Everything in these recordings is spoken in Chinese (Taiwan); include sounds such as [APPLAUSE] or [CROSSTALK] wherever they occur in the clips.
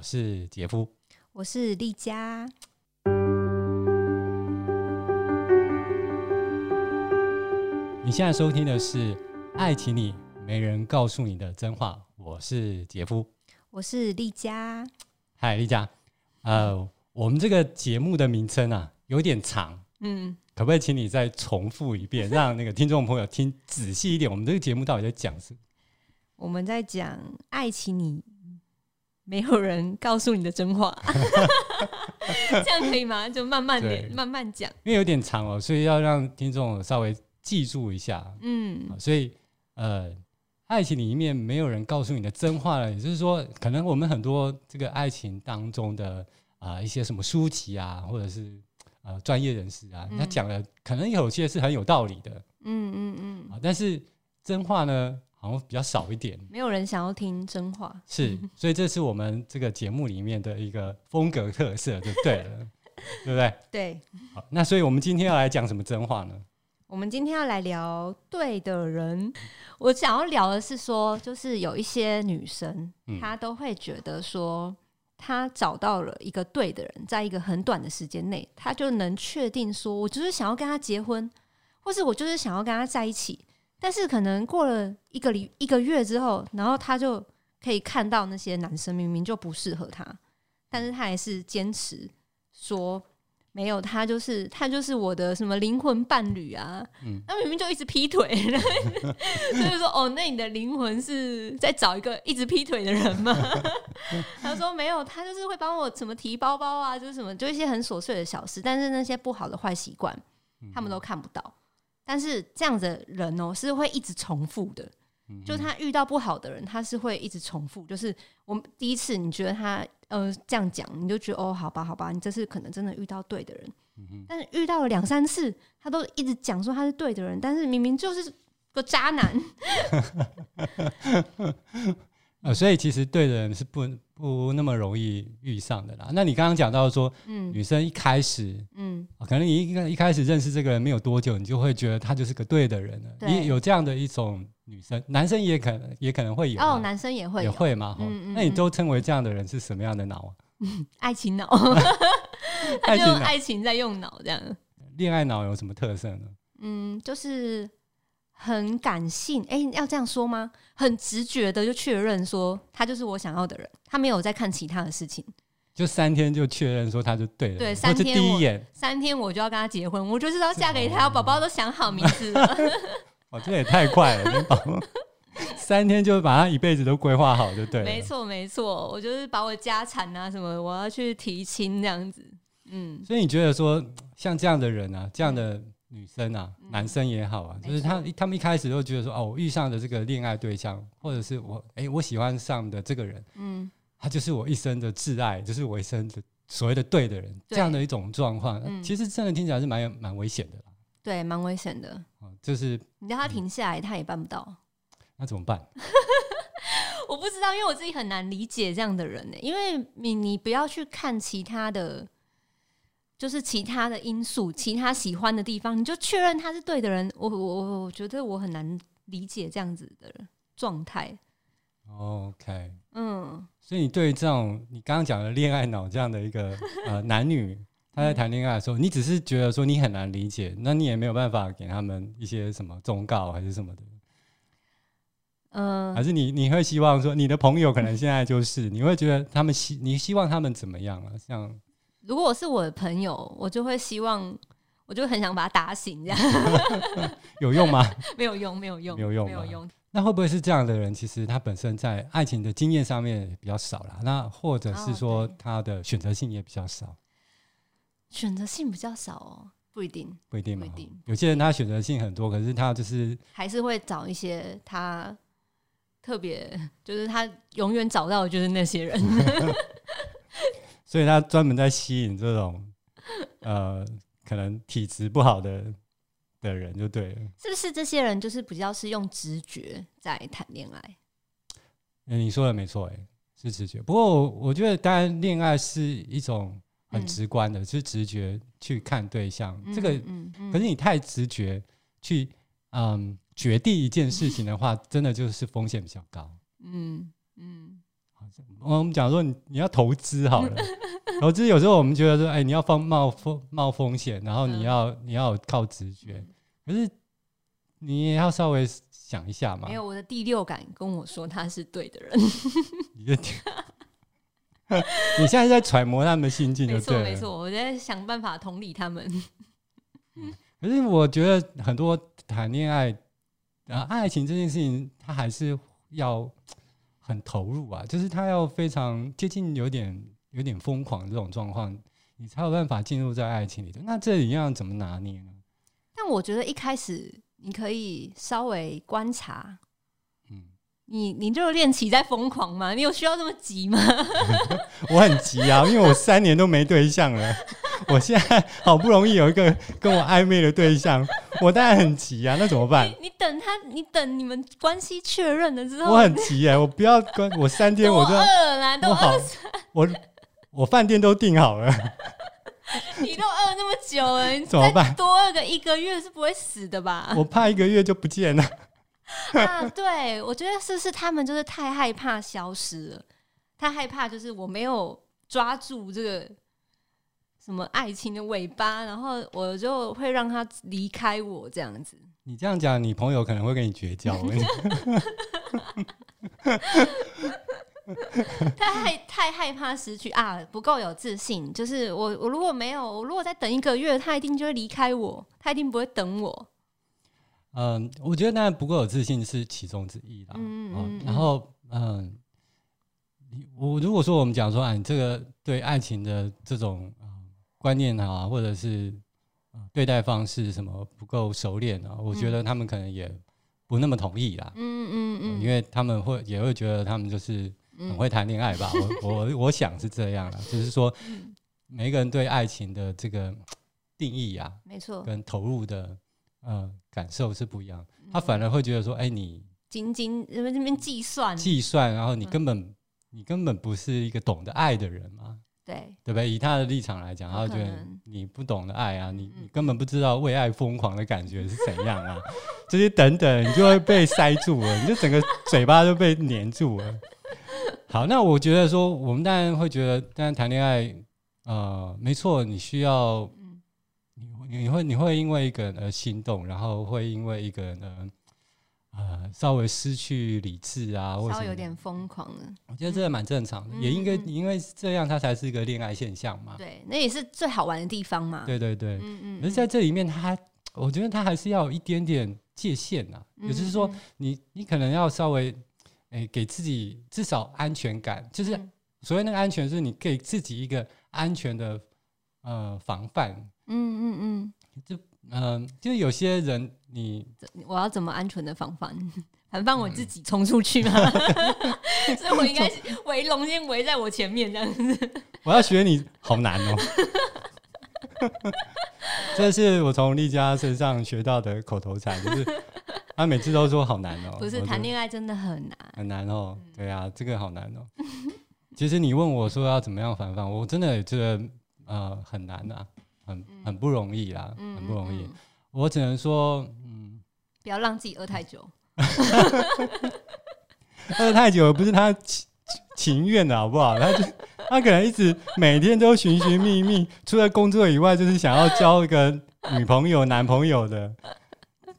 我是傑夫，我是莉家。你現在收聽的是《愛情裡沒人告訴你的真話》。我是傑夫，我是莉家。嗨，莉家。呃，我們這個節目的名稱啊，有點長。嗯，可不可以請你再重複一遍，讓那個聽眾朋友聽仔細一點？ [LAUGHS] 我們這個節目到底在講什麼？我們在講愛情裡。沒有人告訴你的真話 [LAUGHS] [LAUGHS] 這樣可以嗎？就慢慢的慢慢講，因為有點長哦，所以要讓聽眾稍微記住一下。嗯，所以呃，愛情裡面沒有人告訴你的真話呢？也就是說，可能我們很多這個愛情當中的啊、呃、一些什麼書籍啊，或者是啊、呃，專業人士啊，嗯、他講的，可能有些是很有道理的。嗯嗯嗯。但是真話呢？好像比較少一點，沒有人想要聽真話，是，所以這是我們這個節目裡面的一個風格特色，就對了， [LAUGHS] 對不對？對不對？對。好，那所以我們今天要來講什麼真話呢？ [LAUGHS] 我們今天要來聊對的人。我想要聊的是說，就是有一些女生，嗯、她都會覺得說，她找到了一個對的人，在一個很短的時間內，她就能確定說，我就是想要跟他結婚，或是我就是想要跟他在一起。但是可能過了一個禮一個月之後，然後他就可以看到那些男生明明就不適合他，但是他還是堅持說沒有，他就是他就是我的什麼靈魂伴侶啊！那、嗯、他明明就一直劈腿， [LAUGHS] 所以就說哦，那你的靈魂是在找一個一直劈腿的人嗎？ [LAUGHS] 他說沒有，他就是會幫我什麼提包包啊，就是什麼就一些很瑣碎的小事，但是那些不好的壞習慣，他們都看不到。嗯但是這樣子的人哦、喔，是會一直重複的、嗯。就他遇到不好的人，他是會一直重複。就是我們第一次你覺得他呃這樣講，你就覺得哦好吧好吧，你這次可能真的遇到對的人。嗯、但是遇到了兩三次，他都一直講說他是對的人，但是明明就是個渣男。 [LAUGHS] [LAUGHS] 呃，所以其實對的人是不不那麼容易遇上的啦。那你剛剛講到說，嗯、女生一開始，嗯，可能你一開一開始認識這個人沒有多久，你就會覺得他就是個對的人了。你有這樣的一種女生，男生也可能也可能會有、啊、哦，男生也會也會嘛，哈、嗯嗯。那你都稱為這樣的人是什麼樣的腦啊？嗯嗯、 [LAUGHS] 愛情腦， [LAUGHS] 他就愛情在用腦這樣。愛情腦。戀愛腦有什麼特色呢？嗯，就是。很感性，哎、欸，要這樣說嗎？很直覺的就確認說，他就是我想要的人，他沒有在看其他的事情，就三天就確認說，他就對了。對，三天第一眼，三天我就要跟他結婚，我就是要嫁給他，寶寶都想好名字了。哦， [LAUGHS] 這也太快了，寶寶，三天就把他一輩子都規劃好，對了。對？沒錯，沒錯，我就是把我家產啊什麼，我要去提親這樣子。嗯，所以你覺得說像這樣的人啊，這樣的。女生啊，男生也好啊，嗯、就是他他們一開始都覺得說，哦，我遇上的這個戀愛對象，或者是我哎、欸，我喜歡上的這個人，嗯，他就是我一生的摯愛，就是我一生的所謂的對的人。對，這樣的一種狀況、嗯，其實真的聽起來是蠻蠻危險的啦。對，蠻危險的。就是你叫他停下來，他也辦不到。嗯、那怎麼辦？ [LAUGHS] 我不知道，因為我自己很難理解這樣的人呢。因為你，你不要去看其他的。就是其他的因素，其他喜歡的地方，你就確認他是對的人。我我我我覺得我很難理解這樣子的狀態。OK，嗯，所以你對這種你剛剛講的戀愛腦這樣的一個 [LAUGHS] 呃男女他在談戀愛的時候，嗯，你只是覺得說你很難理解，那你也沒有辦法給他們一些什麼忠告還是什麼的。嗯，還是你你會希望說你的朋友可能現在就是 [LAUGHS] 你會覺得他們希你希望他們怎麼樣啊？像。如果我是我的朋友，我就會希望，我就很想把他打醒，這樣 [LAUGHS] 有用嗎？ [LAUGHS] 沒有用，沒有用，沒有用，沒有用。那會不會是這樣的人？其實他本身在愛情的經驗上面比較少啦，那或者是說他的選擇性也比較少？哦、選擇性比較少哦，不一定，不一定，不一定。有些人他選擇性很多，可是他就是還是會找一些他特別，就是他永遠找到的就是那些人。 [LAUGHS] 所以，他專門在吸引這種，呃，可能體質不好的的人，就對了。 [LAUGHS] 是不是這些人就是比較是用直覺在談戀愛？欸，你說的沒錯欸，是直覺。不過我，我覺得當然，戀愛是一種很直觀的、嗯，就是直覺去看對象。嗯、這個，嗯嗯、可是，你太直覺去嗯，嗯，決定一件事情的話，真的就是風險比較高。嗯嗯。嗯、我們講說，你你要投資好了， [LAUGHS] 投資有時候我們覺得說，哎、欸，你要放冒風冒風險，然後你要你要靠直覺，嗯、可是你也要稍微想一下嘛。沒有，我的第六感跟我說他是對的人。 [LAUGHS] 你的 [LAUGHS] [LAUGHS] 你現在在揣摩他們心境，就對，沒錯，沒錯，我在想辦法同理他們。 [LAUGHS] 嗯、可是我覺得很多談戀愛，然、啊、愛情這件事情，他還是要。很投入啊，就是他要非常接近有，有點有點瘋狂的這種狀況，你才有辦法進入在愛情裡的那這裡要怎麼拿捏呢？但我覺得一開始你可以稍微觀察，嗯，你你就是戀情在瘋狂嗎？你有需要這麼急嗎？ [LAUGHS] [LAUGHS] 我很急啊，因為我三年都沒對象了，我現在好不容易有一個跟我曖昧的對象，我當然很急呀、啊，那怎麼辦你？你等他，你等你們關係確認了之後，我很急哎、欸，我不要關，我三天我就餓了都了我好，我我飯店都訂好了 [LAUGHS] 你都餓那麼久了，你怎麼辦？多餓個一個月是不會死的吧？我怕一個月就不見了 [LAUGHS] 啊！對，我覺得是不是他們就是太害怕消失了，太害怕就是我沒有抓住這個。什麼愛情的尾巴，然後我就會讓他離開我這樣子。你這樣講，你朋友可能會跟你絕交 [LAUGHS] [LAUGHS] [LAUGHS] 太害，太太害怕失去啊，不夠有自信。就是我，我如果沒有，我如果再等一個月，他一定就會離開我，他一定不會等我。嗯，我覺得那不夠有自信是其中之一啦。嗯，嗯然後嗯，我如果說我們講說啊，你這個對愛情的這種。觀念啊，或者是對待方式什麼不夠熟練啊，嗯、我覺得他們可能也不那麼同意啦。嗯嗯嗯，因為他們會也會覺得他們就是很會談戀愛吧。嗯、 [LAUGHS] 我我我想是這樣了、啊，就是說每個人對愛情的這個定義呀、啊，沒錯，跟投入的呃感受是不一樣、嗯。他反而會覺得說：“哎，你僅僅因為這邊計算金金在那邊計算，然後你根本、嗯、你根本不是一個懂得愛的人嘛。”對，對不對？以他的立場來講，他覺得你不懂得愛啊，你、嗯、你根本不知道為愛瘋狂的感覺是怎樣啊，這些等等，你就會被塞住了， [LAUGHS] 你就整個嘴巴都被黏住了。好，那我覺得說，我們當然會覺得，當然談戀愛呃，沒錯，你需要，你你會你會因為一個人而心動，然後會因為一個人而，呃，稍微失去理智啊，或者稍微有點瘋狂的。我覺得這個蠻正常的，也應該因為這樣，它才是一個戀愛現象嘛。對，那也是最好玩的地方嘛。對對對，對，嗯嗯，而在這裡面，它我覺得它還是要有一點點界限啊。也就是說你，你你可能要稍微誒、欸、給自己至少安全感，就是所謂那個安全，是你給自己一個安全的呃防範。嗯嗯嗯。嗯，就是有些人，你我要怎麼安全的防範？防範我自己衝出去嗎？嗯、 [LAUGHS] 所以我應該是圍龍先圍在我前面，這樣子 [LAUGHS] 我要學你好難哦。 [LAUGHS] 這是我從莉家身上學到的口頭禪，就是她每次都說好難哦。不是談戀愛真的很難，很難哦。對啊，這個好難哦。 [LAUGHS] 其實你問我說要怎麼樣防範，我真的也覺得呃很難啊。很很不容易啦，嗯、很不容易。我只能說，嗯，不要讓自己餓太久 [LAUGHS] 。餓太久不是他情情願的，好不好？他就他可能一直每天都尋尋覓覓，除了工作以外，就是想要交一個女朋友、男朋友的。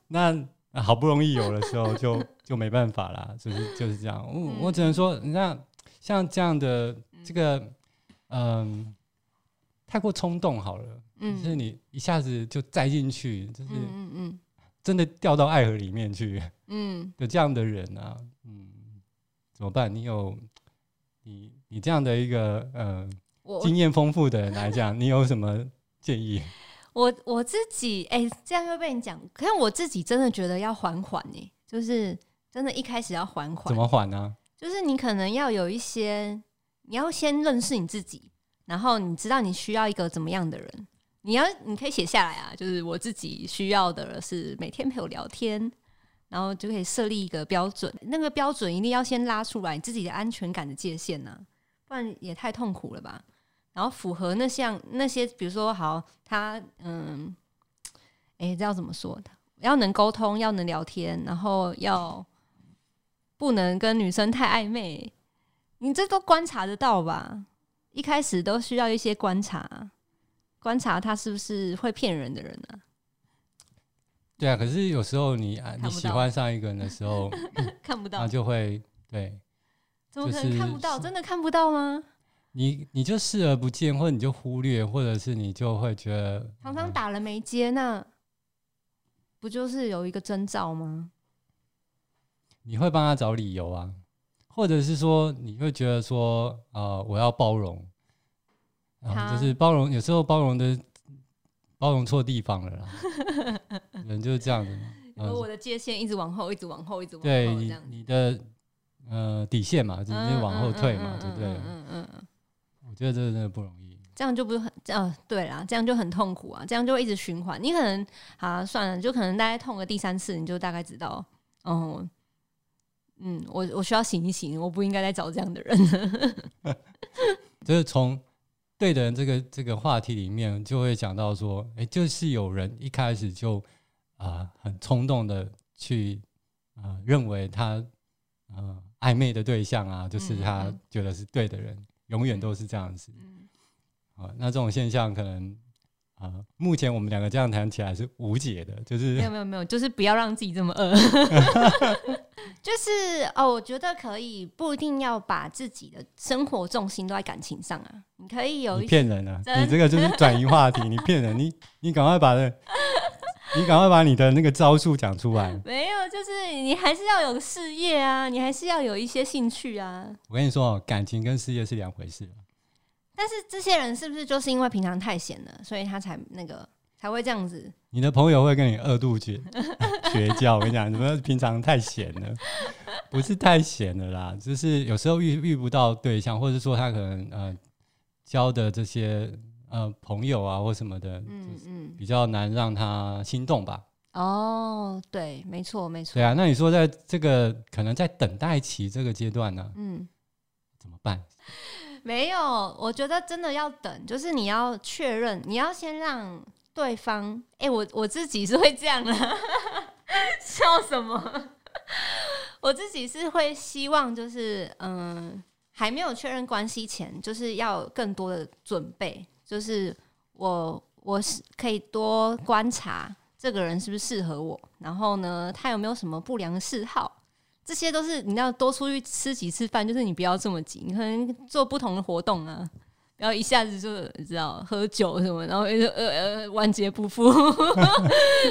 那好不容易有的時候，就就沒辦法啦，就是就是這樣。我我只能說，你像像這樣的這個，嗯，太過衝動好了。就是你一下子就栽進去，就是嗯嗯，真的掉到愛河裡面去，嗯，嗯，有、嗯、 [LAUGHS] 這樣的人啊，嗯，怎麼辦？你有你你這樣的一個呃，我經驗豐富的人來講， [LAUGHS] 你有什麼建議？我我自己哎、欸，這樣又被你講，可是我自己真的覺得要緩緩呢，就是真的，一開始要緩緩，怎麼緩呢、啊？就是你可能要有一些，你要先認識你自己，然後你知道你需要一個怎麼樣的人。你要，你可以寫下來啊。就是我自己需要的是每天陪我聊天，然後就可以設立一個標準。那個標準一定要先拉出來，你自己的安全感的界限呢、啊？不然也太痛苦了吧。然後符合那像那些，比如說好，他嗯，哎，這要怎麼說的？要能溝通，要能聊天，然後要不能跟女生太曖昧。你這都觀察得到吧？一開始都需要一些觀察。觀察他是不是會騙人的人呢、啊？對啊，可是有時候你、啊、你喜歡上一個人的時候，看不到、嗯， [LAUGHS] 看不到嗯、就會對。怎麼可能、就是、看不到？真的看不到嗎？你你就視而不見，或者你就忽略，或者是你就會覺得常常打了沒接、嗯，那不就是有一個徵兆嗎？你會幫他找理由啊，或者是說你會覺得說，啊、呃，我要包容。啊、就是包容，有時候包容的包容錯地方了啦， [LAUGHS] 人就是這樣的。然、啊、我的界限一直往後，一直往後，一直往後，對你,你的呃底線嘛，一、就是往後退嘛，對不對？嗯嗯,嗯,嗯,嗯,嗯,嗯,嗯,嗯。我覺得這真的不容易。這樣就不是，呃、啊，對啦，這樣就很痛苦啊，這樣就會一直循環。你可能啊，算了，就可能大概痛個第三次，你就大概知道，哦、嗯。嗯，我我需要醒一醒，我不應該再找這樣的人。 [LAUGHS] [LAUGHS] 就是從。對的人，這個這個話題裡面就會講到說，哎，就是有人一開始就啊、呃、很衝動的去啊、呃、認為他啊、呃、曖昧的對象啊，就是他覺得是對的人，嗯嗯、永遠都是這樣子。嗯呃、那這種現象可能啊、呃，目前我們兩個這樣談起來是無解的，就是沒有沒有沒有，就是不要讓自己這麼餓。 [LAUGHS] [LAUGHS] 就是哦，我覺得可以不一定要把自己的生活重心都在感情上啊。你可以有一些、你騙人了、啊，你這個就是轉移話題， [LAUGHS] 你騙人，你你趕快把、這個、 [LAUGHS] 你趕快把你的那個招數講出來。沒有，就是你還是要有事業啊，你還是要有一些興趣啊。我跟你說，感情跟事業是兩回事。但是這些人是不是就是因為平常太閒了，所以他才那個？才會這樣子。你的朋友會跟你二度絕絕交， [LAUGHS] 我跟你講，你們平常太閒了， [LAUGHS] 不是太閒了啦，就是有時候遇遇不到對象，或者說他可能呃交的這些呃朋友啊或什麼的，嗯嗯，就是、比較難讓他心動吧。哦，對，沒錯，沒錯。對啊，那你說在這個可能在等待期這個階段呢、啊？嗯，怎麼辦？沒有，我覺得真的要等，就是你要確認，你要先讓。對方，誒、欸，我我自己是會這樣的，啊，笑什麼？我自己是會希望，就是嗯、呃，還沒有確認關係前，就是要更多的準備，就是我我是可以多觀察這個人是不是適合我，然後呢，他有沒有什麼不良的嗜好，這些都是你要多出去吃幾次飯，就是你不要這麼急，你可能做不同的活動啊。然後一下子就，你知道喝酒什麼，然後呃呃呃萬劫不復，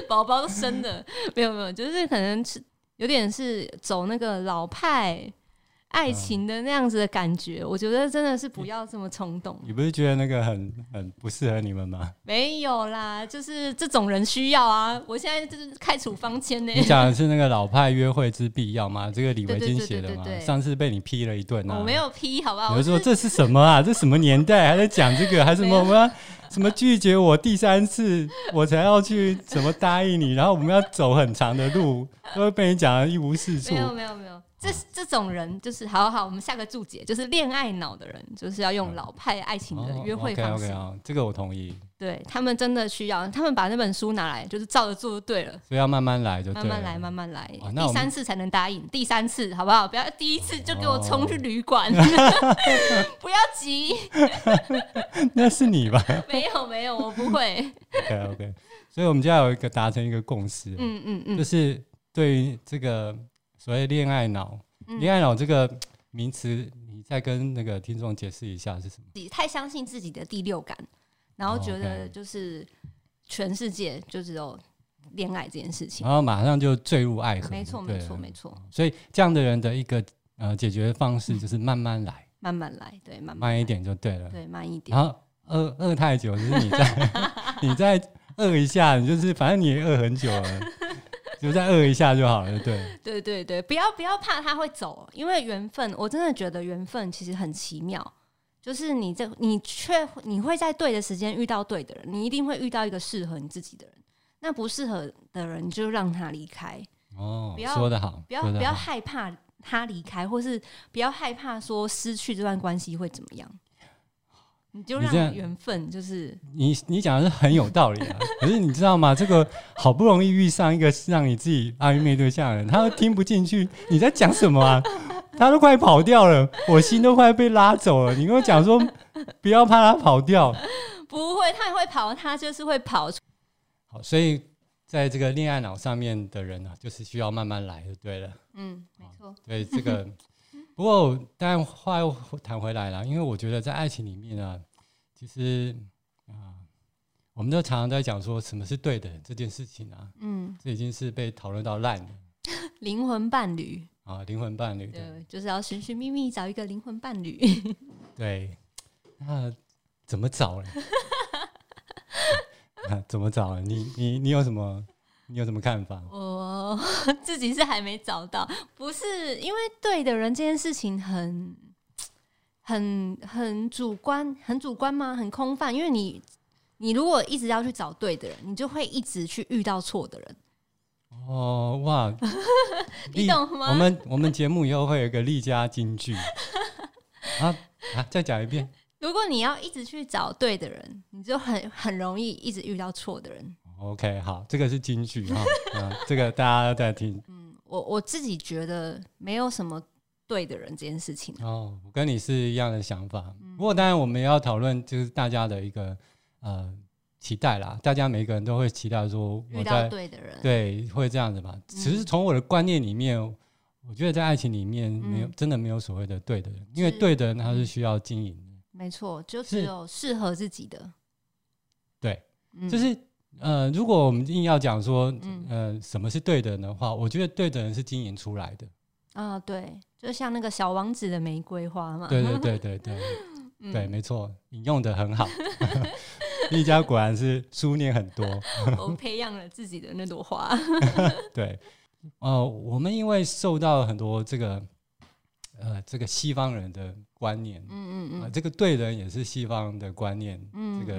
寶 [LAUGHS] 寶 [LAUGHS] 生的，沒有沒有，就是可能有點是走那個老派。愛情的那樣子的感覺、嗯，我覺得真的是不要這麼衝動、啊你。你不是覺得那個很很不適合你們嗎？沒有啦，就是這種人需要啊。我現在就是開處方簽呢。你講的是那個老派約會之必要嗎？這個李維菁寫的嗎？對對對對對對對對，上次被你批了一頓呢、啊。我沒有批，好不好？我說這是什麼啊？ [LAUGHS] 這什麼年代還在講這個？還是什麼我們要什麼拒絕我第三次我才要去怎麼答應你？然後我們要走很長的路，都被你講的一無是處。沒有，沒有，沒有。這這種人就是好好，好，我們下個注解就是戀愛腦的人，就是要用老派愛情的約會方式、哦、OK, okay、哦、這個我同意。對他們真的需要，他們把那本書拿來，就是照着做就對了。所以要慢慢來就對，就慢慢來，慢慢來、啊，第三次才能答應。第三次好不好？不要第一次就給我衝去旅館，哦、 [LAUGHS] 不要急。 [LAUGHS] [LAUGHS] 那是你吧？ [LAUGHS] 沒有沒有，我不會。OK OK，所以我們就要有一個達成一個共識。嗯嗯嗯，就是對於這個。所以，戀、嗯、愛腦，戀愛腦這個名詞，你再跟那個聽眾解釋一下是什麼？你太相信自己的第六感，然後覺得就是全世界就只有戀愛這件事情，嗯、然後馬上就墜入愛河、啊。沒錯，沒錯，沒錯。所以這樣的人的一個呃解決方式就是慢慢來，嗯、慢慢來，對，慢慢來，慢一點就對了，對，慢一點。然後餓餓太久，就是你在 [LAUGHS] 你再餓一下，你就是反正你也餓很久了。 [LAUGHS] [LAUGHS] 就再餓一下就好了，對對對對，不要不要怕他會走，因為緣分，我真的覺得緣分其實很奇妙，就是你這你確你會在對的時間遇到對的人，你一定會遇到一個適合你自己的人，那不適合的人就讓他離開哦，不要說得好，不要不要害怕他離開，或是不要害怕說失去這段關係會怎麼樣。你就讓緣分就是你你講的是很有道理啊，可是你知道嗎？這個好不容易遇上一個讓你自己曖昧對象的人，他都聽不進去，你在講什麼啊？他都快跑掉了，我心都快被拉走了。你跟我講說，不要怕他跑掉，不會，他也會跑，他就是會跑出。好，所以在這個戀愛腦上面的人呢啊，就是需要慢慢來就對了。嗯，沒錯。對，這個。不過，但話又談回來了，因為我覺得在愛情裡面呢、啊，其實啊、呃，我們都常常在講說什麼是對的這件事情啊，嗯，這已經是被討論到爛了。靈魂伴侶啊，靈魂伴侶，對，就是要尋尋覓覓找一個靈魂伴侶。對，那怎麼找呢？怎麼找呢？ [LAUGHS] [LAUGHS] 怎麼找呢？你你你有什麼？你有什麼看法？我、oh, 自己是還沒找到，不是因為對的人這件事情很、很、很主觀，很主觀嗎？很空泛，因為你，你如果一直要去找對的人，你就會一直去遇到錯的人。哦、oh, 哇 [LAUGHS] ，你懂嗎？我們我們節目以後會有一個莉家金句好、 [LAUGHS] 啊啊，再講一遍。如果你要一直去找對的人，你就很很容易一直遇到錯的人。OK，好，這個是金句哈、 [LAUGHS] 啊，這個大家都在聽。嗯，我我自己覺得沒有什麼對的人這件事情哦，我跟你是一樣的想法。嗯、不過當然我們也要討論就是大家的一個呃期待啦，大家每個人都會期待說遇到對的人，對，會這樣子吧。其實從我的觀念裡面、嗯，我覺得在愛情裡面沒有、嗯、真的沒有所謂的對的人，因為對的人他是需要經營的。沒錯，就只有適合自己的。對、嗯，就是。嗯、呃，如果我們硬要講說，嗯、呃，什麼是對的人的話，嗯、我覺得對的人是經營出來的。啊，對，就像那個小王子的玫瑰花嘛。對對對對對、嗯，對，沒錯，引用的很好。莉 [LAUGHS] [LAUGHS] 家果然是書念很多。 [LAUGHS] 我培養了自己的那朵花。 [LAUGHS] 對，哦、呃，我們因為受到了很多這個，呃，這個西方人的觀念，嗯嗯嗯，呃、這個對的人也是西方的觀念，嗯，嗯，這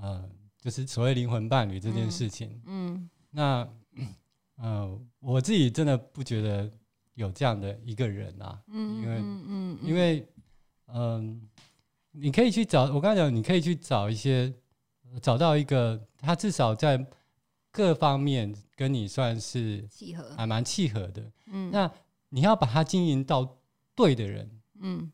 個，呃。就是所謂靈魂伴侶這件事情，嗯，嗯、那、呃，我自己真的不覺得有這樣的一個人啊，嗯，因為嗯、嗯，因為嗯、呃，你可以去找，我剛才講，你可以去找一些，找到一個他至少在各方面跟你算是契合，還蠻契合的契合，嗯，那你要把他經營到對的人，嗯，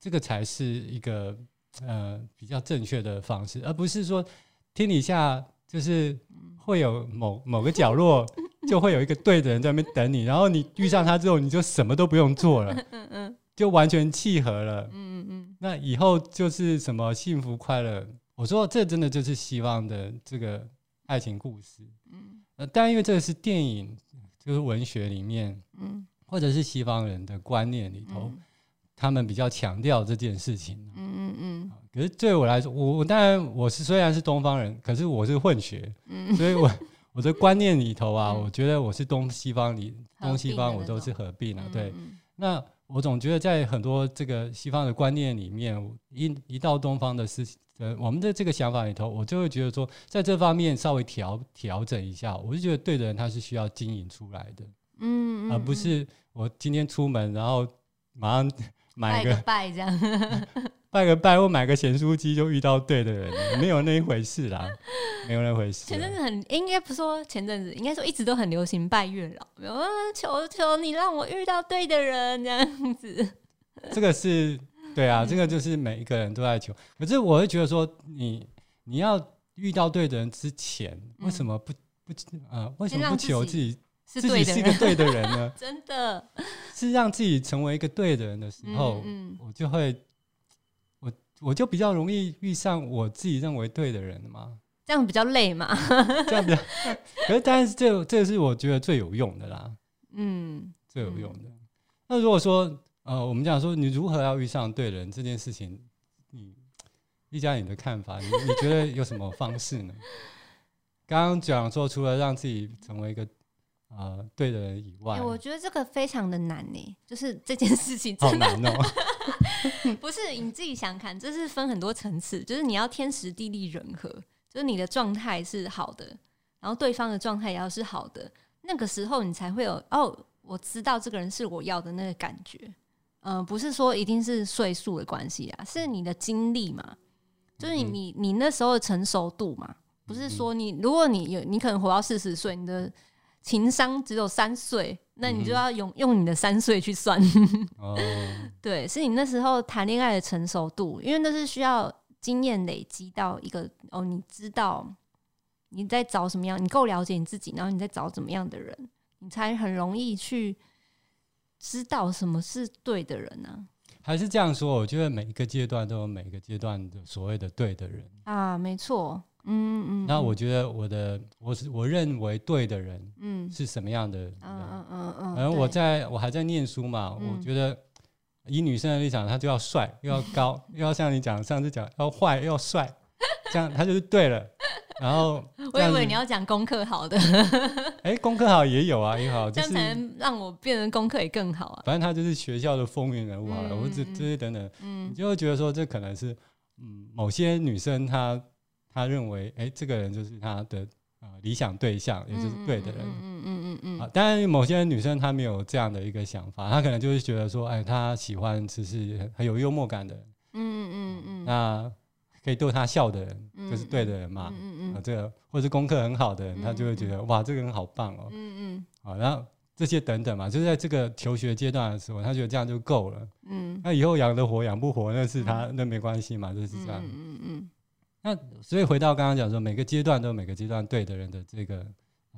這個才是一個呃比較正確的方式，而不是說天底下就是會有某某個角落，就會有一個對的人在那邊等你，然後你遇上他之後，你就什麼都不用做了，就完全契合了，那以後就是什麼幸福快樂。我說這真的就是西方的這個愛情故事，但因為這個是電影，就是文學裡面，或者是西方人的觀念裡頭。他們比較強調這件事情，啊嗯，嗯嗯嗯。可是對我來說我，我當然我是雖然是東方人，可是我是混血，所以我我的觀念裡頭啊、嗯，我覺得我是東西方裡東西方我都是合併了，啊嗯。對，那我總覺得在很多這個西方的觀念裡面，一一到東方的事情，呃，我們的這個想法裡頭，我就會覺得說，在這方面稍微調調整一下，我就覺得對的人他是需要經營出來的，嗯，嗯，嗯，而不是我今天出門然後馬上。前拜個拜這樣，拜個拜，我買個閒書機就遇到對的人，沒有那一回事啦，沒有那回事。陣子很、欸、應該不說前，前陣子應該說一直都很流行拜月老、啊，求求你讓我遇到對的人這樣子。這個是，對啊，這個就是每一個人都在求。可是我會覺得說你，你你要遇到對的人之前，為什麼不不呃、啊，為什麼不求自己？自己是一個對的人呢， [LAUGHS] 真的是讓自己成為一個對的人的時候，嗯嗯、我就會，我我就比較容易遇上我自己認為對的人嘛。這樣比較累嘛、嗯，這樣比較。可是，但是這 [LAUGHS] 這個這個、是我覺得最有用的啦，嗯，最有用的。那如果說呃，我們講說你如何要遇上對的人這件事情，你、嗯、莉家你的看法，你你覺得有什麼方式呢？剛剛講說除了讓自己成為一個。呃，對的人以外，欸，我覺得這個非常的難呢，欸。就是這件事情真的，好難哦， [LAUGHS] 不是你自己想看，這是分很多層次。就是你要天時地利人和，就是你的狀態是好的，然後對方的狀態也要是好的，那個時候你才會有哦，我知道這個人是我要的那個感覺。嗯，呃，不是說一定是歲數的關係啊，是你的經歷嘛，就是你你你那時候的成熟度嘛，不是說你如果你有你可能活到四十歲，你的。情商只有三歲，那你就要用用你的三歲去算。哦，對，是你那時候談戀愛的成熟度，因為那是需要經驗累積到一個哦，你知道你在找什麼樣，你夠了解你自己，然後你在找怎麼樣的人，你才很容易去知道什麼是對的人呢？還是這樣說，我覺得每一個階段都有每一個階段的所謂的對的人啊，沒錯。嗯嗯，那我覺得我的，我是我認為對的人，嗯，是什麼樣的？嗯嗯嗯嗯。反正我在我還在念書嘛，嗯，我覺得以女生的立場，她就要帥，又要高， [LAUGHS] 又要像你講上次講，要壞又要帥，這樣她就是對了。 [LAUGHS] 然後我以為你要講功課好的 [LAUGHS] ，哎，欸，功課好也有啊，也好。這樣、就是，才能讓我變成功課也更好啊。反正她就是學校的風雲人物好了，嗯，我者這些等等，嗯，你就會覺得說這可能是嗯某些女生她，他認為，哎、欸，這個人就是他的、呃、理想對象，也就是對的人。嗯嗯嗯嗯。當、嗯、然，嗯啊、某些女生她沒有這樣的一個想法，她可能就會覺得說，哎，他喜歡只是很有幽默感的人。嗯嗯嗯嗯。那、嗯啊、可以逗他笑的人、嗯，就是對的人嘛。嗯、啊、嗯。這個或是功課很好的人，他就會覺得哇，這個人好棒哦。嗯嗯。啊，然後這些等等嘛，就是在這個求學階段的時候，他覺得這樣就夠了。嗯。那、啊、以後養得活養不活那是他、嗯、那沒關係嘛，就是這樣。嗯嗯嗯。嗯嗯那所以回到剛剛講說，每個階段都有每個階段對的人的這個、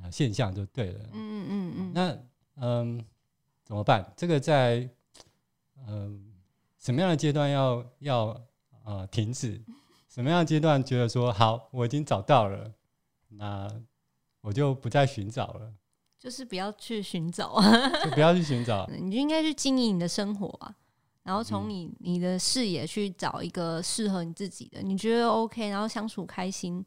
呃、現象就對了。嗯嗯嗯嗯。那嗯、呃、怎麼辦？這個在嗯、呃、什麼樣的階段要要、呃、停止？什麼樣的階段覺得說好，我已經找到了，那我就不再尋找了。就是不要去尋找啊！就不要去尋找， [LAUGHS] 你就應該去經營你的生活啊。然後從你你的視野去找一個適合你自己的，嗯、你覺得 OK，然後相處開心。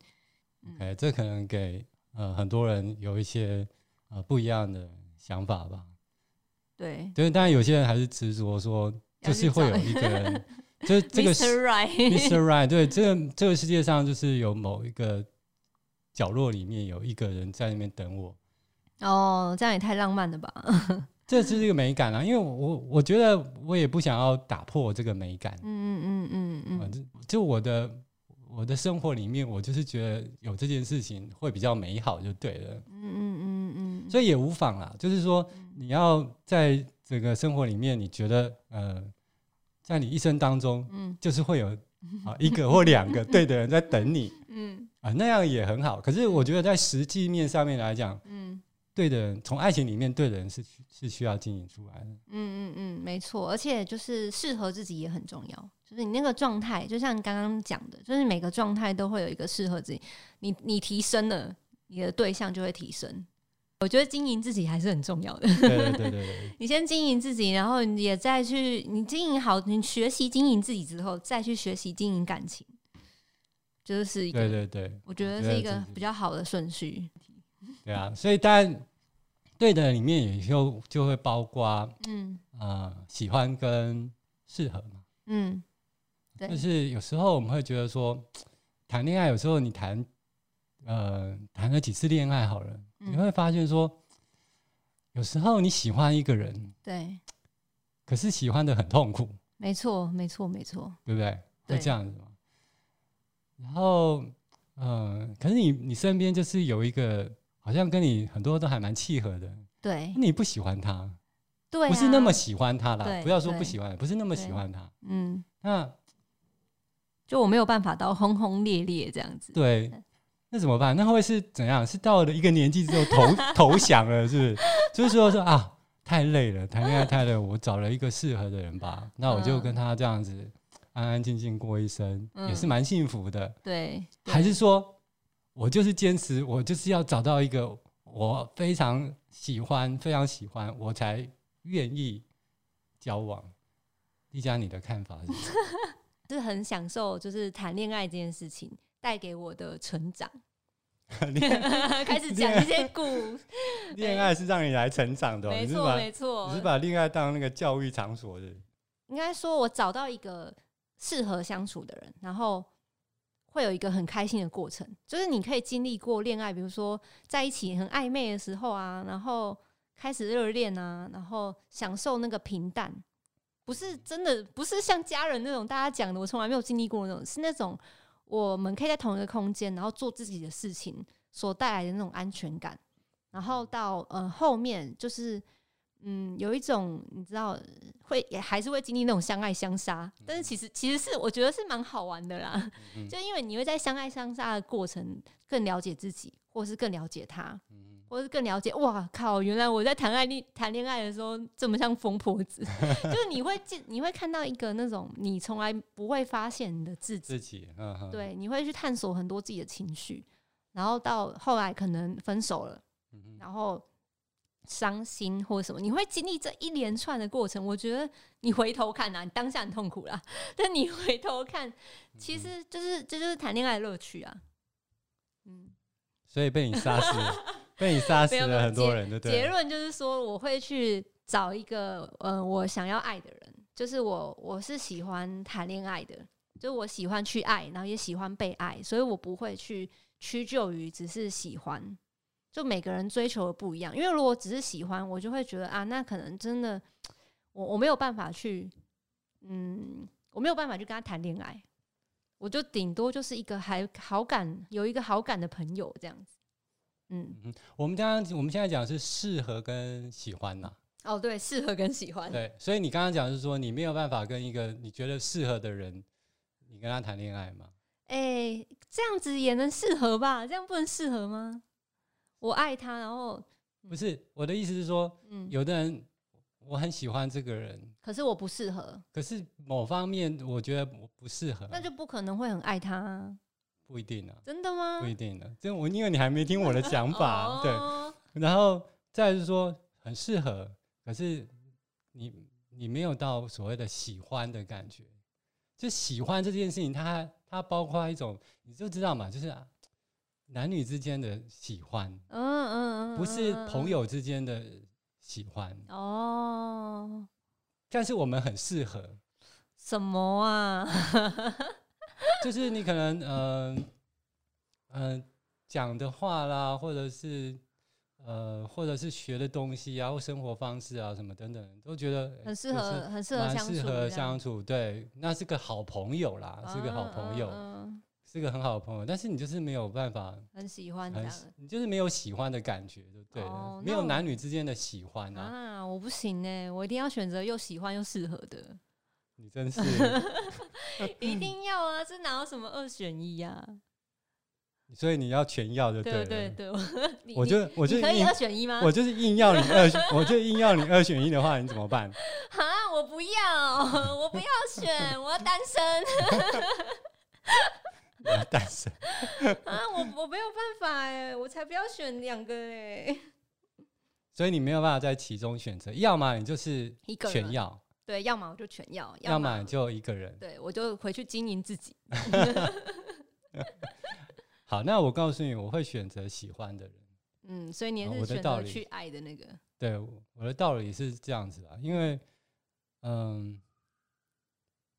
哎、嗯，okay，這可能給呃很多人有一些呃不一樣的想法吧。對，對，但有些人還是執着說，就是會有一個人，就是這個 [LAUGHS] Mr. Right，對，這這個世界上就是有某一個角落裡面有一個人在那邊等我。哦，這樣也太浪漫了吧！ [LAUGHS] 這是一個美感啦、啊，因為我我覺得我也不想要打破這個美感。嗯嗯嗯嗯，反正、啊、就、就我的我的生活裡面，我就是覺得有這件事情會比較美好就對了。嗯嗯嗯嗯，所以也無妨啦。就是說你要在這個生活裡面，你覺得呃，在你一生當中，嗯、就是會有啊一個或兩個對的人在等你。嗯啊，那樣也很好。可是我覺得在實際面上面來講，嗯。對的人，從愛情裡面對的人是需是需要經營出來的嗯。嗯嗯嗯，沒錯。而且就是適合自己也很重要，就是你那個狀態，就像剛剛講的，就是每個狀態都會有一個適合自己。你你提升了，你的對象就會提升。我覺得經營自己還是很重要的。對對對，對， [LAUGHS] 你先經營自己，然後你也再去你經營好，你學習經營自己之後，再去學習經營感情，就是是一個對對對，我覺得是一個比較好的順序。對對對對啊，所以但對的裡面也就就會包括，嗯啊、呃，喜歡跟適合嘛，嗯，但、就是有時候我們會覺得說，談戀愛有時候你談，呃，談了幾次戀愛好了、嗯，你會發現說，有時候你喜歡一個人，對，可是喜歡的很痛苦，沒錯，沒錯，沒錯，對不對？會這樣子嘛？然後，呃，可是你你身邊就是有一個。好像跟你很多都還蠻契合的，對，你不喜歡他，對啊，不是那麼喜歡他啦，對，不喜歡他，對，不是那麼喜歡他了。不要說不喜歡，不是那麼喜歡他。嗯，那就我沒有辦法到轟轟烈烈這樣子。對，那怎麼辦？那會是怎樣？是到了一個年紀之後投 [LAUGHS] 投降了，是不是？就是說說啊，太累了，談戀愛太累了， [LAUGHS] 我找了一個適合的人吧。那我就跟他這樣子安安靜靜過一生，嗯，也是蠻幸福的。對，對還是說？我就是堅持，我就是要找到一個我非常喜歡、非常喜歡，我才願意交往。莉家，你的看法是？ [LAUGHS] 是很享受，就是談戀愛這件事情帶給我的成長。戀 [LAUGHS] 戀愛 [LAUGHS] 開始講這些戀 [LAUGHS] 愛是讓你來成長的、喔欸，沒錯，沒錯，你是把戀愛當那個教育場所的。應該說，我找到一個適合相處的人，然後。會有一個很開心的過程，就是你可以經歷過戀愛，比如說在一起很曖昧的時候啊，然後開始熱戀啊，然後享受那個平淡，不是真的，不是像家人那種，大家講的，我從來沒有經歷過那種，是那種我們可以在同一個空間，然後做自己的事情所帶來的那種安全感，然後到，呃，後面就是。嗯，有一種你知道會也還是會經歷那種相愛相殺，但是其實其實是我覺得是蠻好玩的啦。嗯、 [LAUGHS] 就因為你會在相愛相殺的過程更了解自己，或是更了解他，嗯、或是更了解哇靠，原來我在談愛戀、談戀愛的時候這麼像瘋婆子。 [LAUGHS] 就你會見，你會看到一個那種你從來不會發現的自己，自己呵呵，對，你會去探索很多自己的情緒，然後到後來可能分手了，嗯、然後，傷心或者什麼，你會經歷這一連串的過程。我覺得你回頭看啊，你當下很痛苦啦，但你回頭看，其實就是嗯嗯，這就是談戀愛的樂趣啊。嗯，所以被你殺死， [LAUGHS] 被你殺死了很多人對， [LAUGHS] 對，結論就是說，我會去找一個嗯、呃，我想要愛的人，就是我我是喜歡談戀愛的，就是我喜歡去愛，然後也喜歡被愛，所以我不會去屈就於只是喜歡。就每個人追求的不一樣，因為如果只是喜歡，我就會覺得啊，那可能真的，我我沒有辦法去，嗯，我沒有辦法去跟他談戀愛，我就頂多就是一個還好感，有一個好感的朋友這樣子。嗯，嗯，我們剛剛我們現在講是適合跟喜歡吶、啊。哦，對，適合跟喜歡。對，所以你剛剛講是說你沒有辦法跟一個你覺得適合的人，你跟他談戀愛嗎？哎、欸，這樣子也能適合吧？這樣不能適合嗎？我愛他，然後不是我的意思是說，嗯，有的人我很喜歡這個人，可是我不適合，可是某方面我覺得我不適合，那就不可能會很愛他啊。不一定啊？真的嗎？不一定呢。這我因為你還沒聽我的想法， [LAUGHS] 哦，對，然後再就是說很適合，可是你你沒有到所謂的喜歡的感覺，就喜歡這件事情它，它它包括一種你就知道嘛，就是男女之間的喜歡，嗯嗯嗯，不是朋友之間的喜歡哦、嗯。但是我們很適合。什麼啊？嗯、就是你可能呃嗯講、呃、的話啦，或者是呃或者是學的東西啊，或生活方式啊什麼等等，都覺得、欸、很適合，蠻適合相處，對，那是個好朋友啦，嗯、是個好朋友。嗯嗯這個很好的朋友，但是你就是沒有辦法很，很喜歡，你就是沒有喜歡的感覺對，對、哦、沒有男女之間的喜歡啊！啊我不行呢、欸，我一定要選擇又喜歡又適合的。你真是 [LAUGHS] [LAUGHS] 一定要啊！這哪有什麼二選一呀？啊？所以你要全要的對，對對對，我就我就，我就可以二選一嗎？我就是硬要你二選， [LAUGHS] 我就硬要你二選一的話，你怎麼辦？ [LAUGHS] 啊！我不要，我不要選， [LAUGHS] 我要單身。 [LAUGHS] 我要單身啊！我我沒有辦法哎，我才不要選兩個哎。所以你沒有辦法在其中選擇，要麼你就是一個人要，對，要麼我就全要，要麼你就一個人。對我就回去經營自己。 [LAUGHS] [LAUGHS] 好，那我告訴你，我會選擇喜歡的人。嗯，所以你是選擇去愛的那個、嗯的？對，我的道理是這樣子啊，因為嗯，